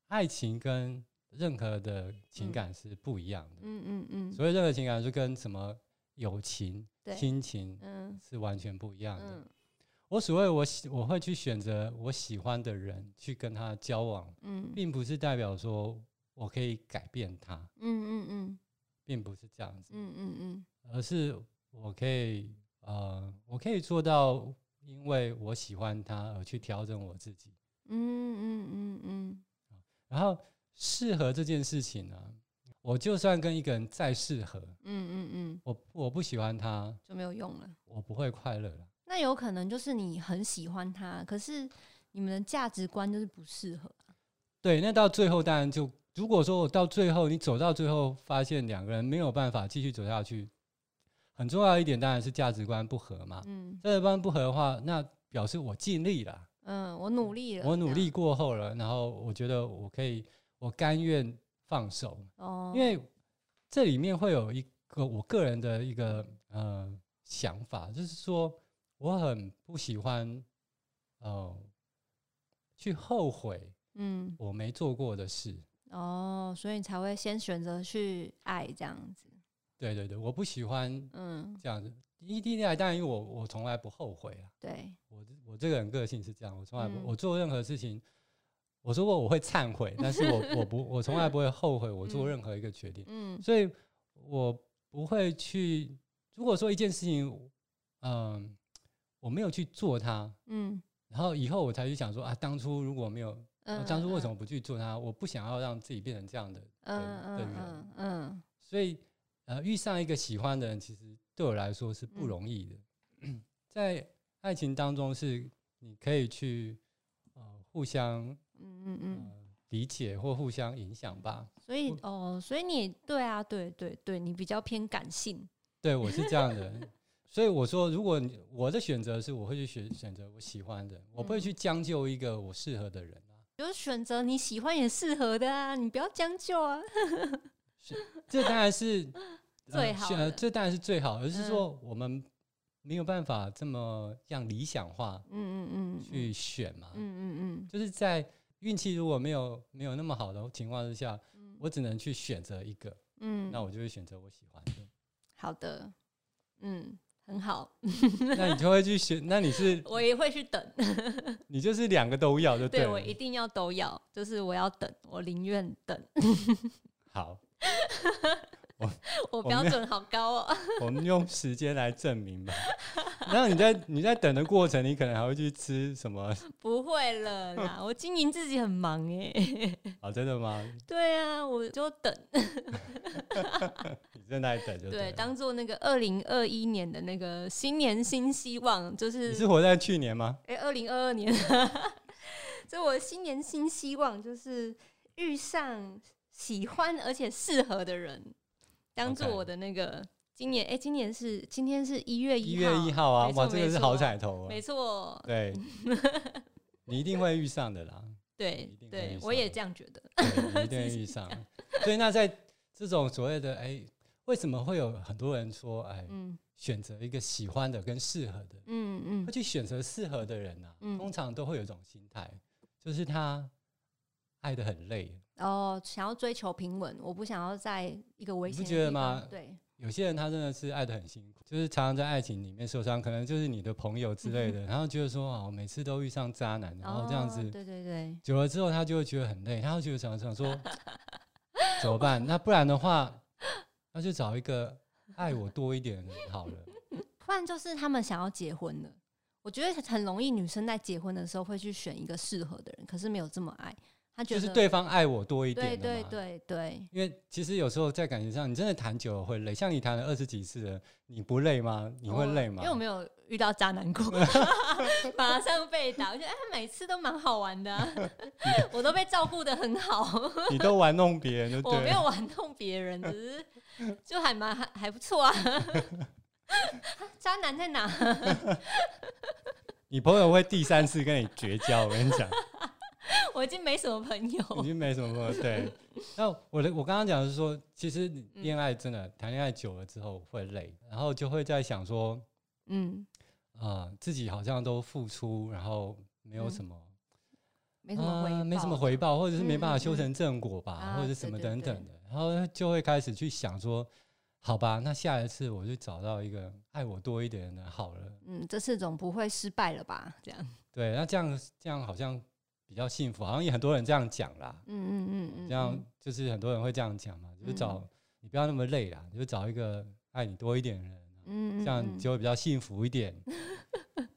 愛情跟。任何的情感是不一樣的，嗯嗯嗯，嗯，所以任何情感是跟什麼友情、嗯、親、嗯嗯、情，情是完全不一樣的、嗯。嗯嗯嗯、我所謂我喜，我會去選擇我喜歡的人去跟他交往，並不是代表說我可以改變他，嗯嗯嗯，並不是這樣子，嗯嗯嗯，而是我可以，呃，我可以做到，因為我喜歡他而去調整我自己，嗯嗯嗯嗯，嗯，然後。適合這件事情呢、啊，我就算跟一個人再適合，嗯嗯嗯，我我不喜歡他就沒有用了，我不會快樂了。那有可能就是你很喜歡他，可是你們的價值觀就是不適合、啊。對，那到最後當然就，如果說我到最後你走到最後發現兩個人沒有辦法繼續走下去，很重要一點當然是價值觀不合嘛。嗯，價值觀不合的話，那表示我盡力了，嗯，我努力了，我努力過後了，嗯、然後我覺得我可以。我甘願放手，因為這裡面會有一個我個人的一個呃想法，就是說我很不喜歡，哦、呃，去後悔，嗯，我沒做過的事、嗯，哦，所以你才會先選擇去愛這樣子。對對對，我不喜歡，嗯，這樣子異地戀愛，當然因為我我從來不後悔、啊、對，我我這個人個性是這樣，我從來不、嗯，我做任何事情。我說過我會懺悔，但是我我不我從來不會後悔我做任何一個決定， [LAUGHS] 嗯、嗯，所以，我不會去。如果說一件事情，嗯、呃，我沒有去做它，嗯，然後以後我才去想說啊，當初如果沒有，嗯、啊，當初為什麼不去做它？我不想要讓自己變成這樣的，嗯、真的嗯、嗯，所以，呃，遇上一個喜歡的人，其實對我來說是不容易的，嗯、在愛情當中是你可以去，呃，互相。嗯嗯嗯、呃，理解或互相影響吧。所以哦，所以你對啊，對對對，你比較偏感性。對，我是這樣的人。 [LAUGHS] 所以我說，如果我的選擇是我會去選選擇我喜歡的，我不會去將就一個我適合的人啊。有選擇你喜歡也適合的啊，你不要將就啊這、 [LAUGHS] 嗯。這當然是最好，這當然是最好，而是說我們沒有辦法這麼像理想化，嗯嗯嗯，去選嘛，嗯嗯嗯，嗯，就是在。運氣如果沒有沒有那麽好的情況之下、嗯，我只能去選擇一個、嗯，那我就會選擇我喜歡的。好的，嗯，很好。 [LAUGHS] 那你就會去選？那你是？我也會去等。 [LAUGHS] 你就是兩個都要，對不對？對，我一定要都要，就是我要等，我寧願等。 [LAUGHS] 好。 [LAUGHS] 我我標準好高哦我。我們用時間來證明吧。然後你在你在等的過程，你可能還會去吃什麼？不會了啦， [LAUGHS] 我經營自己很忙耶、欸。啊，真的嗎？對啊，我就等 [LAUGHS] 。 [LAUGHS] 你正在等就對。對。當做那個二零二一年的那個新年新希望，就是你是活在去年嗎？哎、欸，二零二二年， [LAUGHS] 所以我新年新希望就是遇上喜歡而且適合的人。當做我的那個今年，哎、okay, 欸，今年是今天是一月一月一號啊，哇，這個是好彩頭。沒錯，對錯，你一定會遇上的啦，對，對，對，我也這樣覺得，你一定會遇上。 [LAUGHS] 所以那在這種所謂的，哎、欸，為什麼會有很多人說，哎、欸、嗯，選擇一個喜歡的跟適合的，嗯嗯，會去選擇適合的人呢、啊？通常都會有一種心態、嗯，就是他愛得很累。然、哦、後想要追求平穩，我不想要在一個危險。你不覺得嗎？對，有些人他真的是愛得很辛苦，就是常常在愛情裡面受傷，可能就是你的朋友之類的， [LAUGHS] 然後覺得說哦，每次都遇上渣男，然後這樣子，哦、對對對，久了之後他就會覺得很累，他就覺得想想說 [LAUGHS] 怎麼辦？那不然的話，那就找一個愛我多一點的人好了 [LAUGHS] 不然就是他們想要結婚了，我覺得很容易，女生在結婚的時候會去選一個適合的人，可是沒有這麼愛。就是對方愛我多一點的，對對對對。因為其實有時候在感情上，你真的談久了會累。像你談了二十幾次了，你不累嗎？你會累嗎？哦、因為我沒有遇到渣男過， [LAUGHS] 馬上被打。我覺得、哎、每次都蠻好玩的、啊，我都被照顧得很好。你都玩弄別人對？我沒有玩弄別人，只是就還蠻還不錯啊。 [LAUGHS] 渣男在哪？ [LAUGHS] 你朋友會第三次跟你絕交，我跟你講。 [LAUGHS] 我已經沒什麼朋友，已經沒什麼朋友。對，那我的我剛剛講是說，其實戀愛真的，嗯、談戀愛久了之後會累，然後就會在想說，嗯，啊、呃，自己好像都付出，然後沒有什麼，嗯、沒什麼、啊、沒什麼回報，或者是沒辦法修成正果吧，嗯啊、或者是什麼等等的，對對對對，然後就會開始去想說，好吧，那下一次我就找到一個愛我多一點的好了。嗯，這次總不會失敗了吧？這樣對，那這樣這樣好像。比較幸福，好像也很多人這樣講啦。嗯嗯嗯，這樣就是很多人會這樣講嘛，嗯、就是找你不要那麼累啦，就找一個愛你多一點的人，啊。嗯，這樣你就會比較幸福一點，嗯嗯。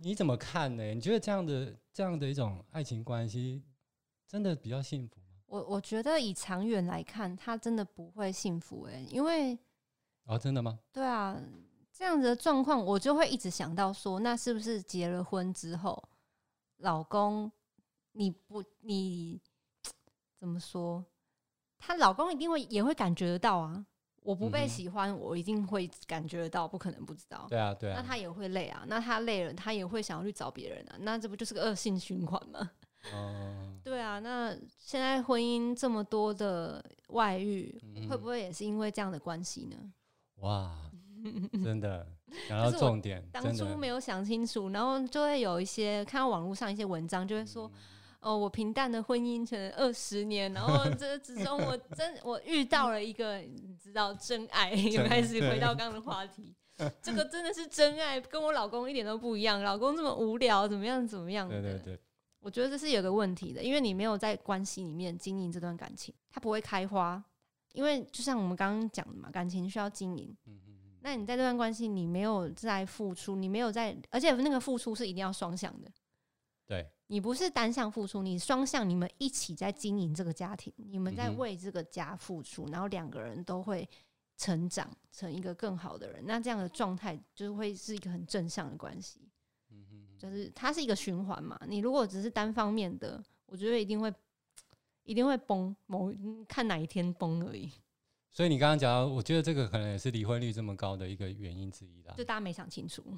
你怎麼看呢？你覺得這樣的這樣的一種愛情關係，真的比較幸福嗎？我我覺得以長遠來看，他真的不會幸福哎，欸，因為哦，真的嗎？對啊，這樣子的狀況我就會一直想到說，那是不是結了婚之後老公，你不，你怎麼說？她老公一定會也會感覺得到啊！我不被喜歡、嗯，我一定會感覺得到，不可能不知道。對啊，對啊。那她也會累啊，那她累了，她也會想要去找別人啊，那這不就是個惡性循環嗎？哦、嗯， [LAUGHS] 對啊。那現在婚姻這麼多的外遇，嗯、會不會也是因為這樣的關係呢？哇，真的。然 [LAUGHS] 後重點， [LAUGHS] 當初沒有想清楚，然後就會有一些看到網絡上一些文章，就會說。嗯哦、oh,，我平淡的婚姻可能二十年，然後這之中我真 [LAUGHS] 我遇到了一個， [LAUGHS] 你知道真愛，又開始回到剛剛的話題。 [LAUGHS] 對對對對這個真的是真愛，跟我老公一點都不一樣。老公這麼無聊，怎麼樣怎麼樣？對對對,對，我覺得這是有個問題的，因為你沒有在關係裡面經營這段感情，它不會開花。因為就像我們剛剛講的嘛，感情需要經營。嗯嗯嗯。那你在這段關係，你沒有在付出，你沒有在，而且那個付出是一定要雙向的。對。你不是單向付出，你雙向，你們一起在經營這個家庭，你們在為這個家付出，嗯、然後兩個人都會成長成一個更好的人，那這樣的狀態就會是一個很正向的關係。嗯哼，哼，就是它是一個循環嘛。你如果只是單方面的，我覺得一定會一定會崩，某看哪一天崩而已。所以你剛剛講，我覺得這個可能也是離婚率這麼高的一個原因之一啦、啊，就大家沒想清楚。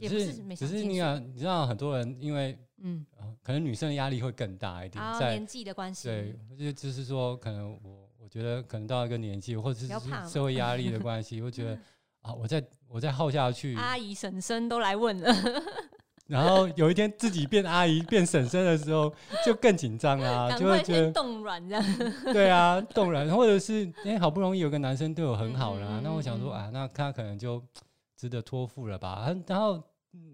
只是，是想只是你看、啊，你知道很多人因為嗯、啊，可能女生的壓力會更大一點，在、啊、年紀的關係，對，就是、就是說，可能我我覺得可能到一個年紀，或者是社會壓力的關係，我覺得啊，我再我再耗下去，阿姨嬸嬸都來問了，然後有一天自己變阿姨變嬸嬸的時候，就更緊張了， [LAUGHS] 就會覺得動軟這樣，對啊，動軟，或者是哎、欸，好不容易有個男生對我很好了、嗯，那我想說啊，那他可能就。值得托付了吧？然後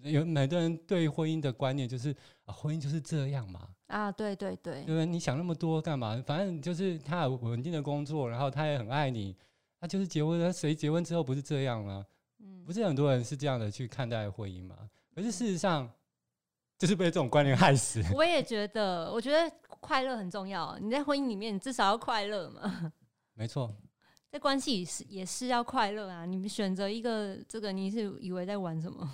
有每個人對婚姻的觀念就是，啊，婚姻就是這樣嘛。啊，對對對，因為你想那麼多幹嘛？反正就是他有穩定的工作，然後他也很愛你，他就是結婚了，誰結婚之後不是這樣嗎？嗯，不是很多人是這樣的去看待婚姻嘛？可是事實上，就是被這種觀念害死。我也覺得，我覺得快樂很重要。你在婚姻裡面，至少要快樂嘛。沒錯。這關係是也是要快樂啊！你們選擇一個這個，你是以為在玩什麼？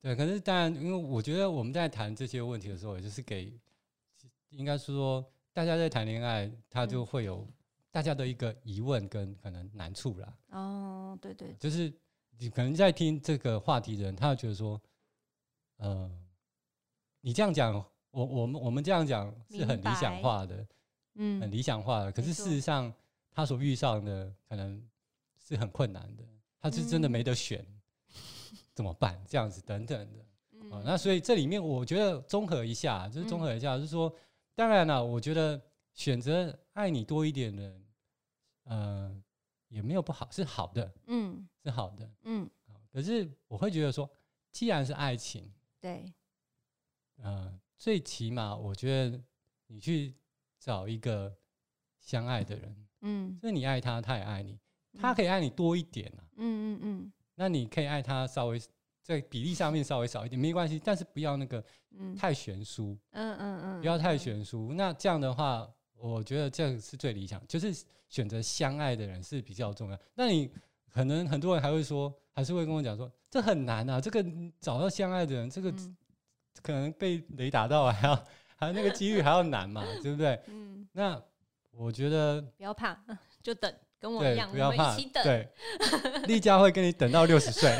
對，可是當然，因為我覺得我們在談這些問題的時候，也就是給應該是說大家在談戀愛，他就會有大家的一個疑問跟可能難處了。哦，對對，就是你可能在聽這個話題的人，他覺得說，嗯、呃，你這樣講，我我們我們這樣講是很理想化的，嗯，很理想化的。可是事實上。他所遇上的可能是很困難的，他是真的沒得選，嗯、怎麼辦？這樣子等等的、嗯哦。那所以這裡面我覺得綜合一下，就是綜合一下，嗯、就是說，當然了，我覺得選擇愛你多一點的，嗯、呃，也沒有不好，是好的，嗯，是好的，嗯。可是我會覺得說，既然是愛情，對、呃，最起碼我覺得你去找一個相愛的人。嗯，所以你愛他，他也愛你，他可以愛你多一點啊。嗯嗯嗯，那你可以愛他稍微在比例上面稍微少一點，沒關係，但是不要那個太懸殊。嗯嗯嗯，不要太懸殊，嗯。那這樣的話，我覺得這是最理想，就是選擇相愛的人是比較重要。那你可能很多人還會說，還是會跟我講說，這很難啊，這個找到相愛的人，這個可能被雷打到還要還有那個幾率還要難嘛， [LAUGHS] 對不對？嗯，那。我覺得不要怕，就等，跟我一樣，我們會一起等。對， [LAUGHS] 莉家會跟你等到六十歲。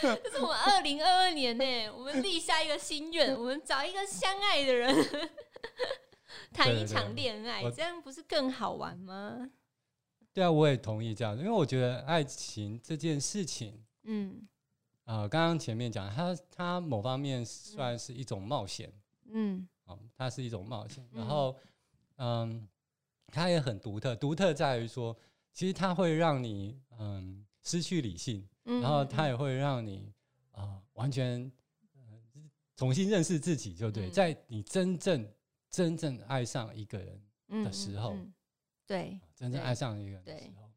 這是我們二零二二年呢、欸，我們立下一個心願，我們找一個相愛的人，談 [LAUGHS] 一場戀愛。對對對，這樣不是更好玩嗎？對啊，我也同意這樣，因為我覺得愛情這件事情，嗯，啊、呃，剛剛前面講，他他某方面算是一種冒險、嗯，嗯，它是一種冒險，然後，嗯。嗯它也很獨特，獨特在於說，其實它會讓你嗯失去理性、嗯，然後它也會讓你啊、呃、完全、呃、重新認識自己，就對、嗯，在你真正真正愛上一個人的時候、嗯嗯嗯，對，真正愛上一個人的時候，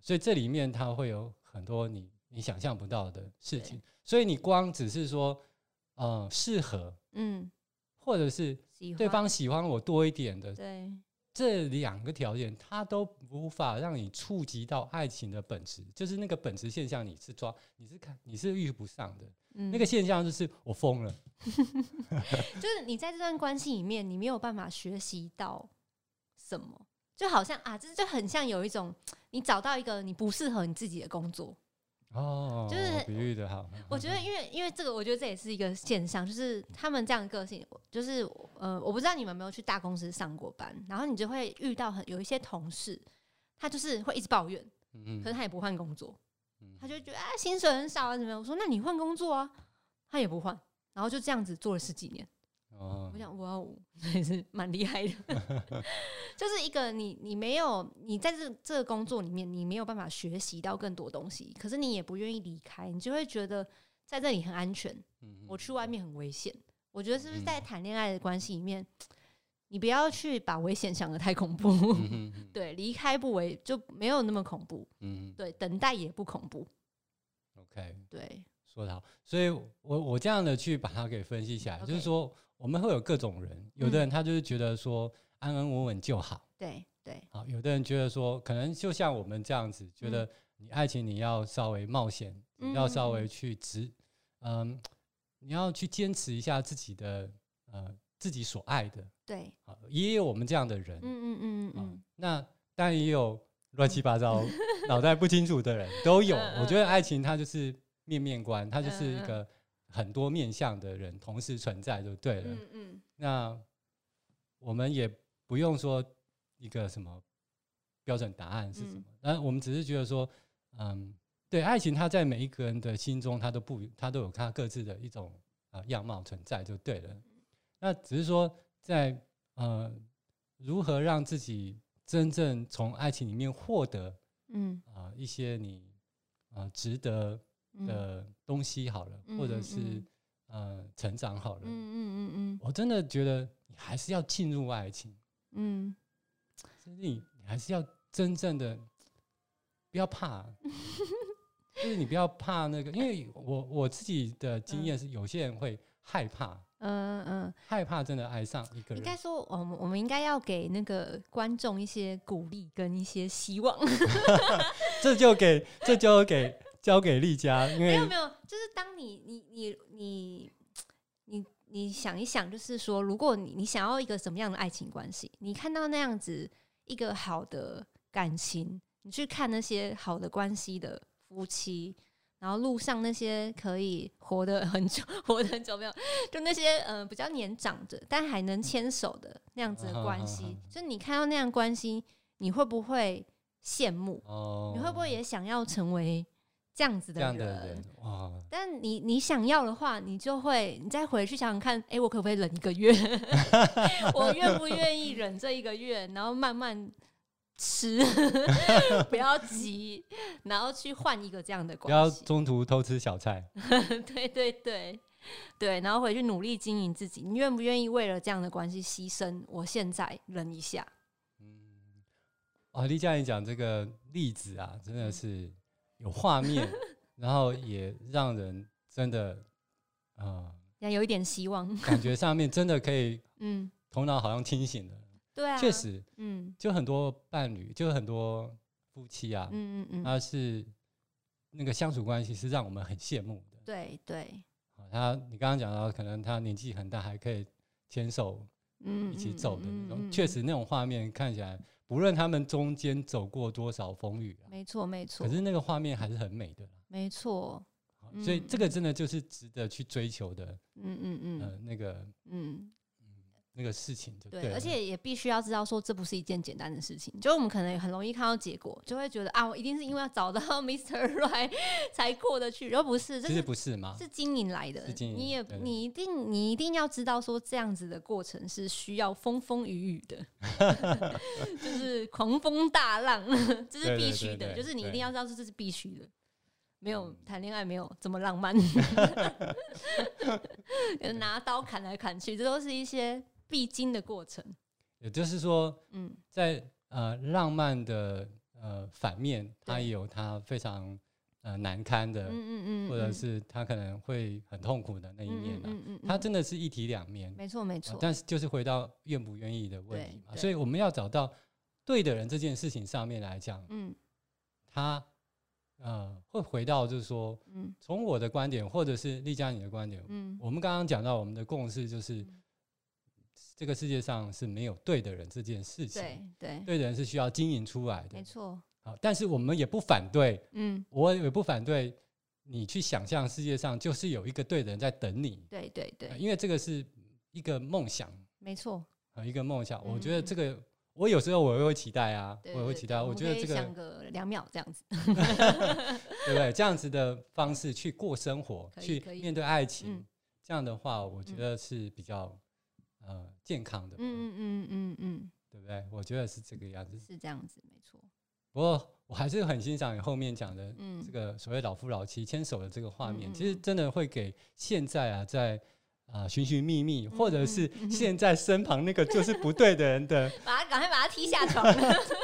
所以這裡面它會有很多你你想象不到的事情，所以你光只是說嗯呃、適合，嗯，或者是對方喜歡我多一點的，對。這兩個條件，它都無法讓你觸及到愛情的本質，就是那個本質現象，你是抓，你是看，你是遇不上的。嗯、那個現象就是我瘋了 [LAUGHS] ， [LAUGHS] [LAUGHS] 就是你在這段關係裡面，你沒有辦法學習到什麼，就好像啊，這是就很像有一種你找到一個你不適合你自己的工作。哦、oh，就是比喻得好。我覺得，因為因為這個，我覺得這也是一個現象，就是他們這樣的個性，就是呃，我不知道你們有沒有去大公司上過班，然後你就會遇到很有一些同事，他就是會一直抱怨，嗯，可是他也不換工作，他就會覺得啊，薪水很少啊，怎麼樣？我說那你換工作啊，他也不換，然後就這樣子做了十幾年。Oh. 我想，哇哦，也是蠻厲害的。 [LAUGHS] 就是一個你，你沒有，你在這這個工作裡面，你沒有辦法學習到更多東西，可是你也不願意離開，你就會覺得在這裡很安全。我去外面很危險、嗯。我覺得是不是在談戀愛的關係裡面、嗯，你不要去把危險想得太恐怖。嗯、 [LAUGHS] 對，離開不為就沒有那麼恐怖。嗯，對，等待也不恐怖。OK，對，說得好。所以我我這樣的去把它給分析起來、okay.，就是說。我們會有各種人，有的人他就是覺得說、嗯、安安穩穩就好，對對。有的人覺得說，可能就像我們這樣子，覺得你愛情你要稍微冒險，嗯、你要稍微去執嗯，嗯，你要去堅持一下自己的呃自己所愛的。對，也有我們這樣的人，嗯嗯嗯嗯。那但也有亂七八糟腦袋不清楚的人，嗯、 [LAUGHS] 都有。我覺得愛情它就是面面觀，它就是一個。嗯很多面相的人同時存在，就對了、嗯嗯。那我們也不用說一個什麼標準答案是什麼、嗯，那我們只是覺得說，嗯，對，愛情它在每一個人的心中，它都不，它都有它各自的一種啊、呃、樣貌存在，就對了。那只是說在，在呃，如何讓自己真正從愛情裡面獲得，嗯啊、呃，一些你啊、呃、值得。嗯、的東西好了，或者是、嗯嗯、呃成長好了，嗯嗯嗯，嗯我真的覺得你還是要進入愛情，嗯，你你還是要真正的不要怕，嗯、就是你不要怕那個， [LAUGHS] 因為我我自己的經驗是有些人會害怕，嗯嗯，害怕真的愛上一個人。應該說，我們我們應該要給那個觀眾一些鼓勵跟一些希望 [LAUGHS] 這，這就給這就給。交給莉家，因為沒有沒有，就是當你你你你你你想一想，就是說，如果你你想要一個什麼樣的愛情關係？你看到那樣子一個好的感情，你去看那些好的關係的夫妻，然後路上那些可以活得很久， [LAUGHS] 活得很久沒有， [LAUGHS] 就那些呃比較年長的，但還能牽手的那樣子的關係，嗯嗯嗯嗯嗯，就你看到那樣關係，你會不會羨慕？你會不會也想要成為？這樣子的人，的人，但你你想要的話，你就會你再回去想想看，哎、欸，我可不可以忍一個月？ [LAUGHS] [LAUGHS] 我願不願意忍這一個月？然後慢慢吃， [LAUGHS] 不要急，然後去換一個這樣的關係，不要中途偷吃小菜。 [LAUGHS] 對對對對，對，然後回去努力經營自己。你願不願意為了這樣的關係犧牲？我現在忍一下。嗯，啊，莉家，你講這個例子啊，真的是。嗯 [LAUGHS] 有畫面，然後也讓人真的啊，要、呃、有一點希望，感覺上面真的可以， [LAUGHS] 嗯，頭腦好像清醒了，對啊，確實，嗯，就很多伴侶，就很多夫妻啊，嗯嗯嗯，他是那個相處關係是讓我們很羨慕的，對對，對他，他你剛剛講到，可能他年紀很大，還可以牽手，嗯，一起走的那種，嗯嗯嗯嗯嗯嗯嗯確實那種畫面看起來。無論他們中間走過多少風雨，啊，沒錯沒錯，可是那個畫面還是很美的，嗯。沒錯，嗯，所以這個真的就是值得去追求的。嗯嗯嗯，呃，那個嗯。那個事情對，對，而且也必須要知道說，這不是一件簡單的事情。就我們可能很容易看到結果，就會覺得啊，我一定是因為要找到 Mr. Right 才過得去，而不是這是不是嗎？是經營來的。你也對對對，你一定你一定要知道說，這樣子的過程是需要風風雨雨的， [LAUGHS] [LAUGHS] 就是狂風大浪，這是必須的對對對對對。就是你一定要知道這是必須的。對對對對，沒有談戀愛沒有這麼浪漫， [LAUGHS] [LAUGHS] [LAUGHS] 拿刀砍來砍去，這都是一些，必經的過程，也就是說在，在、嗯、呃浪漫的呃反面，它也有它非常呃難堪的，嗯嗯嗯、嗯，或者是他可能會很痛苦的那一面、啊、嗯嗯嗯嗯嗯嗯他它真的是一體兩面，沒錯沒錯、啊。但是就是回到願不願意的問題嘛，所以我們要找到對的人這件事情上面來講，嗯，他，他呃會回到就是說，從、嗯、我的觀點或者是莉家你的觀點，嗯、我們剛剛講到我們的共識就是。這個世界上是沒有對的人這件事情對。對對，對的人是需要經營出來的。沒錯。好，但是我們也不反對，嗯，我也不反對你去想象世界上就是有一個對的人在等你對。對對對。因為這個是一個夢想。沒錯。啊，一個夢想、嗯，我覺得這個，我有時候我也會期待啊，我會期待、啊。我覺得這個。想個兩秒這樣子，對不對？這樣子的方式去過生活，去面對愛情、嗯，這樣的話，我覺得是比較、嗯。嗯呃，健康的，嗯嗯嗯嗯，對不對？我覺得是這個樣子，是這樣子，沒錯。不過我還是很欣賞你後面講的，嗯，這個所謂老夫老妻牽手的這個畫面，嗯嗯，其實真的會給現在啊，在啊尋尋覓覓覓，嗯，或者是現在身旁那個就是不對的人的， [LAUGHS] 把他趕快把他踢下床。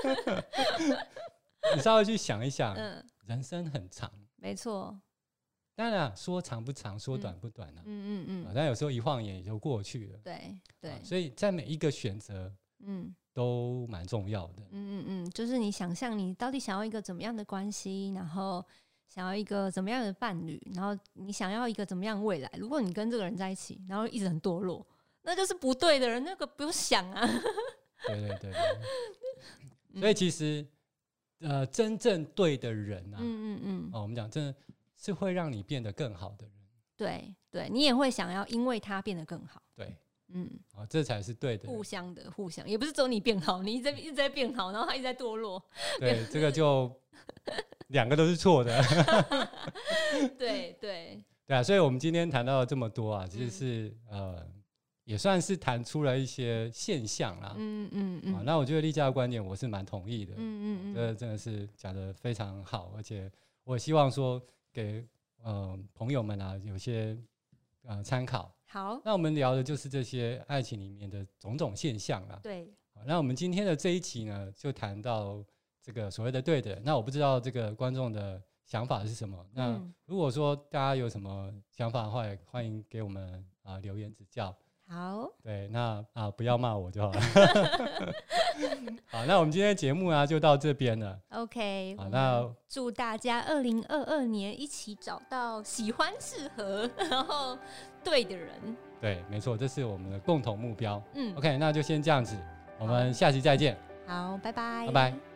[LAUGHS] [LAUGHS] 你稍微去想一想，嗯，人生很長，沒錯。當然、啊，說長不長，說短不短、啊、嗯嗯嗯,嗯、啊。但有時候一晃眼也就過去了。對對、啊。所以在每一個選擇，嗯，都蠻重要的。嗯嗯嗯，就是你想象你到底想要一個怎麼樣的關係，然後想要一個怎麼樣的伴侶，然後你想要一個怎麼樣的未來。如果你跟這個人在一起，然後一直很墮落，那就是不對的人，那個不用想啊。 [LAUGHS] 對對對,對、嗯。所以其實，呃，真正對的人啊，嗯嗯嗯。哦、嗯啊，我們講真的。是會讓你變得更好的人，對，對你也會想要因為他變得更好，對，嗯，啊，這才是對的，互相的，互相也不是只有你變好，你一直一直在變好，然後他一直在墮落，對，這個就兩個都是錯的， [LAUGHS] [LAUGHS] [LAUGHS] 對對對啊，所以我們今天談到了這麼多啊，其實是、嗯、呃，也算是談出了一些現象啦、啊，嗯嗯嗯、啊，那我覺得莉家的觀點我是蠻同意的，嗯嗯嗯，這、嗯、真的是講得非常好，而且我希望說。給呃朋友們啊，有些呃參考。好，那我們聊的就是這些愛情裡面的種種現象啦。對，那我們今天的這一期呢，就談到這個所謂的對的。那我不知道這個觀眾的想法是什麼？那如果說大家有什麼想法的話，也歡迎給我們啊，呃，留言指教。好，對，那啊不要罵我就好了。 [LAUGHS] [LAUGHS] 好，那我們今天的節目呢、啊，就到這邊了。OK，好，那祝大家二零二二年一起找到喜歡、適合，然後對的人。對，沒錯，這是我們的共同目標。嗯，OK，那就先這樣子，我們下期再見。好，拜拜。拜拜。